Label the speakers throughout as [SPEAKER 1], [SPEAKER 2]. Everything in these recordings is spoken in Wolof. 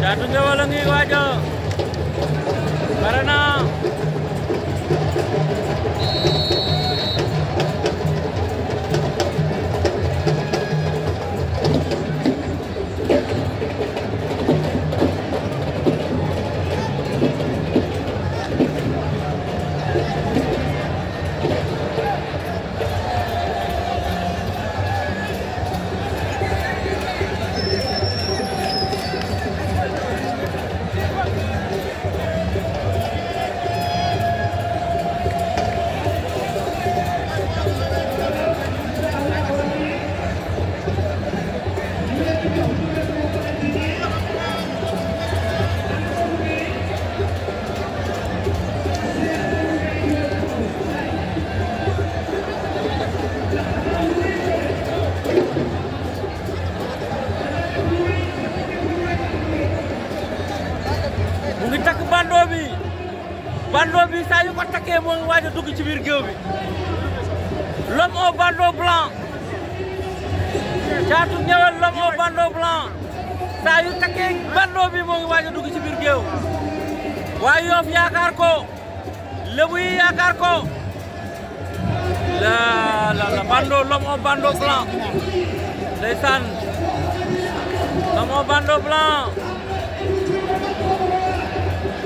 [SPEAKER 1] Caatu Ngéwél a ngi waaja Balla moo ngi waaj a dugg ci biir géew bi l'homme au bandeau blanc Caatu Ngéwél l'homme au bandeau blanc saa yu takkee bandeau bi moo ngi waaj a dugg ci biir géew waaye Yoff ko Lebu yi yaakaar ko la la la bandeau l'homme au bandeau blanc ndeysaan l'homme au bandeau blanc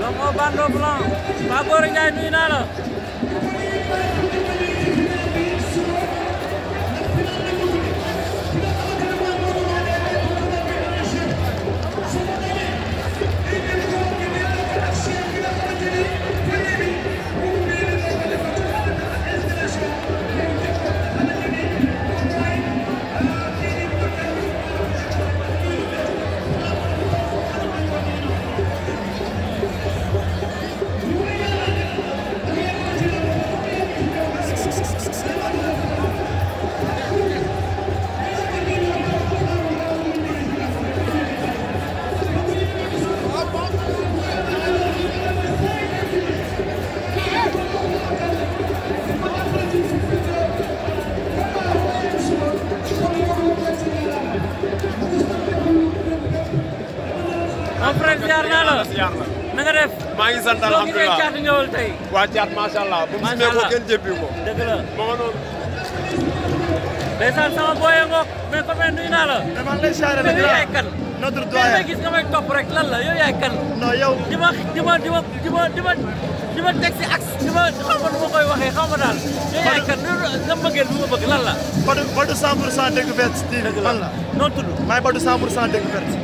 [SPEAKER 1] Romo Bando Blanc Pape Gora Ndiaye nuyu naa mon frère ziar naa la na nga def. maa ngi sant alhamdulilah caat ñëwal tey. waa caat macha allah bu mu simee ko kenn jébbi ko. dëgg la ma nga noonu. ndeysaan sama booye ngoog mais copain nuyu naa la. damaa lay charré la yow yaay kan. notre doyen mais gis nga may topp rek lan la yow yaay kan. non yow di ma di ma di ma di ma di ma di ma teg si axe di ma xaw ma nu ma koy waxee xaw ma daal. yow yaay kan nga bëggee lu ma bëgg lan la. Badou Badou 100 pour cent Découverte TV. dëgg la lan la noo tudd. maay Badou 100 pour cent Découverte.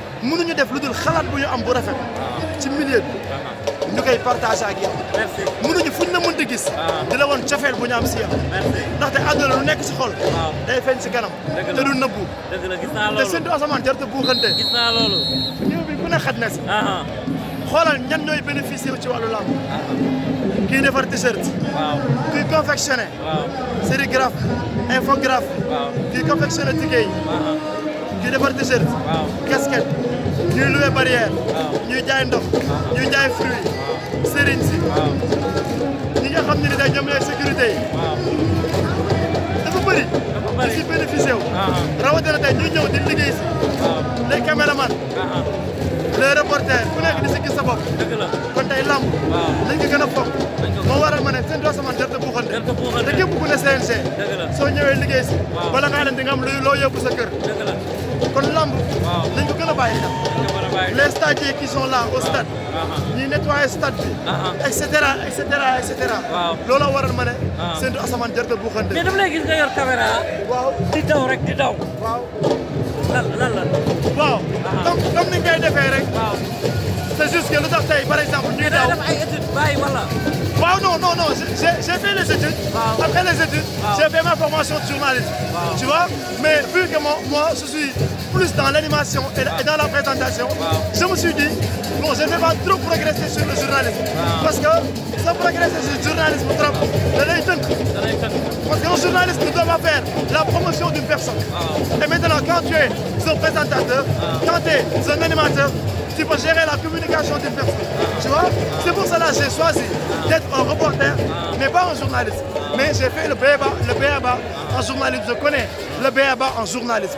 [SPEAKER 1] mënuñu def lu dul xalaat bu ñu am bu rafet ci milieu bi ñu koy partagé ak yow mënuñu fuñ la mënta gis di la woon cofeel bu ñu am si yow ndaxte àdduna lu nekk si xol day feeñ si kanam te du nëbbu te séntu asamaan jarta buuxante gis naa loolu ñëw bi ku ne xaj na si xoolal ñan ñooy bénéficier ci wàllu làmb kii defar t-shirt kii confectionné sérigraphe infographe kii confectionné ticket di defar t-shirt casquette ñuy loué barrière jaay ndox ñuy jaay fruit sëriñ si ñi nga xam ne ni day ñoom ñooy sécurité yi dafa bëri da si bénéficié wu ah, ah. rawatina tey ñuy ñëw di liggéey si les caméramans ah, les reporters ku nekk di si gis sa bopp kon tey lamb lañ ko gën a foog moo waral ma ne seen doosaman def te buuxante te képp ku soo ñëwee liggéey si bala nga am lu loo yóbbu sa kër kon lamb nañ les stadiers qui sont là au stade uh-huh. ñuy nettoyer stade bi uh-huh. et cetera et cetera et cetera loola waral ma ne seen du asamaan mais dama lay gis nga yor caméra waaw di daw rek di daw waaw lan lan lan waaw donc uh-huh. comme ni ngay defee rek c'est juste que lu tax tey par exemple ñuy daw ay études non non non j'ai fait les études après les études j'ai fait ma formation de journaliste. tu vois mais vu que moi moi je suis dans l'animation et, dans la présentation, je me suis dit, bon, je ne vais pas trop progresser sur le journalisme. Parce que ça progresser sur le journalisme trop, Parce qu'un journaliste doit faire la promotion d'une personne. Et maintenant, quand tu es un présentateur, quand tu es un animateur, tu peux gérer la communication des personne Tu vois C'est pour cela que j'ai choisi d'être un reporter, mais pas un journaliste. Mais j'ai fait le BABA, le BABA en journalisme. Je connais le BABA en journalisme.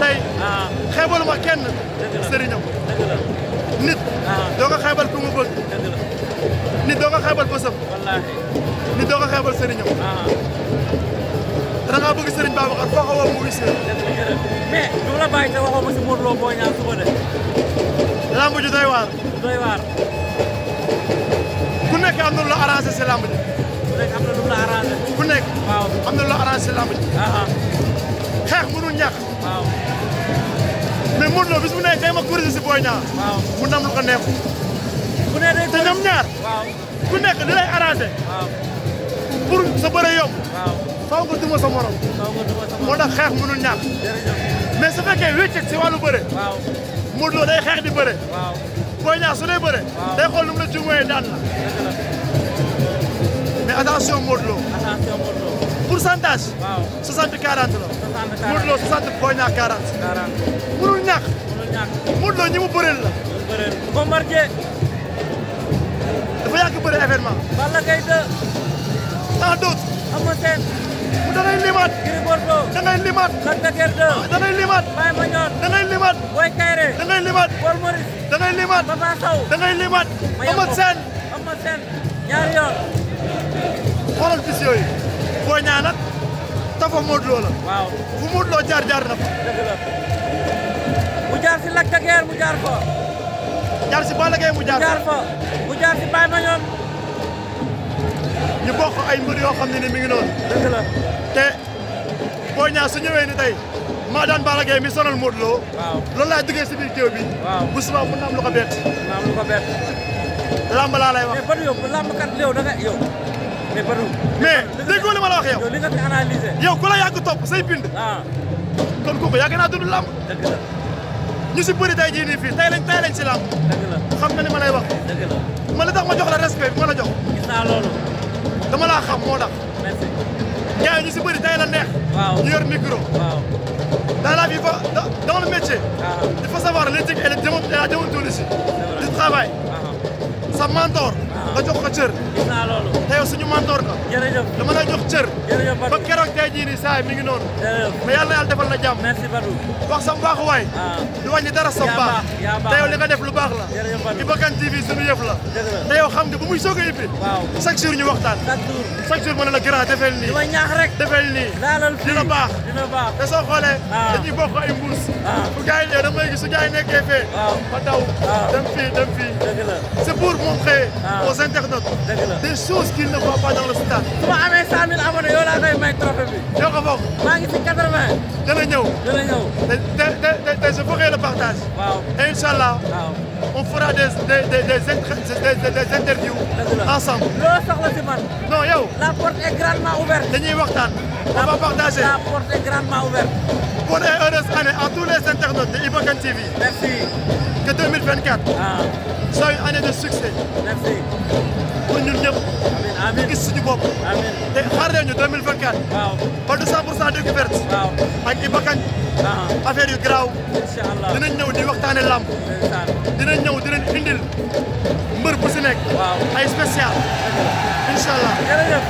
[SPEAKER 1] tey ah. xeebalu ma kenn sëriñam nit ah. doo ko xeebal ku mu bëgg nit doo ko xeebal bësam nit doo ko xeebal sëriñam ah. sëriñ Babacar foo ko woo mu wis mais du la bàyyi te waxoo si Modou Lo Boy de lamb doy waar ku nekk am na lu arrangé si lamb ku nekk am na lu la arrangé ku nekk am na lu arrangé si lamb xeex mënul ñàkk. waaw mais Modou Lo bis bu nekk day ma corriger si Boy mu nam lu neex. te ñoom ñaar. ku nekk li lay arrangé. sa bëre yomb. waaw faaw nga duma moo tax xeex mënul ñàkk. mais su fekkee wéccet si wàllu bëre. waaw Modou day xeex di bëre. waaw Boy Niang bëre. day xool nu mu la daan na. mais attention Modou Lo. pourcentage. waaw 60 40 la. 60 40 Modou Lo 60 Boy Niang 40. 40 mënul ñàkk. mënul ñàkk Modou Lo ñi mu bëreel la. bëreel Bombardier. Balla Gaye 2. tant d'autres. Ama Sène. mu da ngay limaat. Gris Bordeaux. da ngay limaat. Lac de Guiers 2. da ngay limaat. Baye Mandione. da ngay limaat. Boy Kayré. Boy Niang nag tafa Modou Lo la. waaw fu Modou Lo jar jaar na fa. dëgg la mu jaar si Lac de mu jaar fa. jaar si Balla Gaye mu jaar fa mu jaar fa mu jaar si Baye Mandione. ñu bokk ay mbir yoo xam ne ni mi ngi noonu. dëgg la te Boy su ñëwee ni tey. maa daan Balla mi sonal Modou Lo. waaw loolu laa duggee si biir géew bi. waaw bu subaa mun na am lu ko bett. mun na am lu ko bett. lamb laa lay wax. mais ban yow lamb kat yow da nga yow. mais déggoo li ma la wax yow. yow li nga fi analysé. yow ku la topp say bind. Ah. kon kooku yàgg naa dund làmb. dëgg la ñu si bëri tey jii nii fii tey si làmb. xam nga ni ma lay wax. dëgg la tax ma jox la respect ma la jox. dama laa xam moo tax. merci. gars si bëri tey la neex. waaw ñu yor micro. waaw daanaka il faut da dama la métier. waaw ah. il faut savoir l'éthique et la nga jox ko cër. gis naa loolu. te yow suñu mentor nga. jërëjëf dama lay jox cër. jërëjëf Badou ba keroog tey jii nii saa yi mi ngi noonu. na yàlla defal la jàmm. merci Badou. wax sa mbaaxu waay. Ah. du wàññi dara sa baax. yaa baax te yow li nga def lu baax la. jërëjëf Badou Ibakan TV suñu yëf la. te yow xam nga bu muy soog a yëppi. waaw chaque jour ñu waxtaan. chaque jour ma ne la grand defeel nii. dina baax dina baax. te soo xoolee. Ah. dañuy bokk ay mbuus. bu ah. gars yi da ngay gis su gars yi nekkee fee. waaw ma daw. dem fii dem fii. dëgg la c'est pour internautes. des choses qu'ils ne voient pas dans le stade. su ma 100 000 abonnés yow laa koy trophée bi. ñoo ko bokk. maa ngi ci 80. dana je vous le partage. et Inch'Allah, on fera des des des des des des interviews. ensemble. loo soxla ci man. non yo. la porte est grandement ouverte. dañuy waxtaan. on va partager la porte est grandement ouverte. bonne et heureuse année à tous les internautes de Ibogan TV. merci. 2024. waaw soo yu année de succès. merci. pour ñun ñëpp. amiin amiin gis suñu bopp. amiin te xaar leen ñu 2024. waaw ba 200 pour cent découverte. waaw ak Iba Kane. Ah. affaire yu garaaw. incha allah dinañ ñëw di waxtaane làmb. dinañ ñëw dinañ indil mbër bu si nekk. waaw ay spécial. incha allah jërëjëf.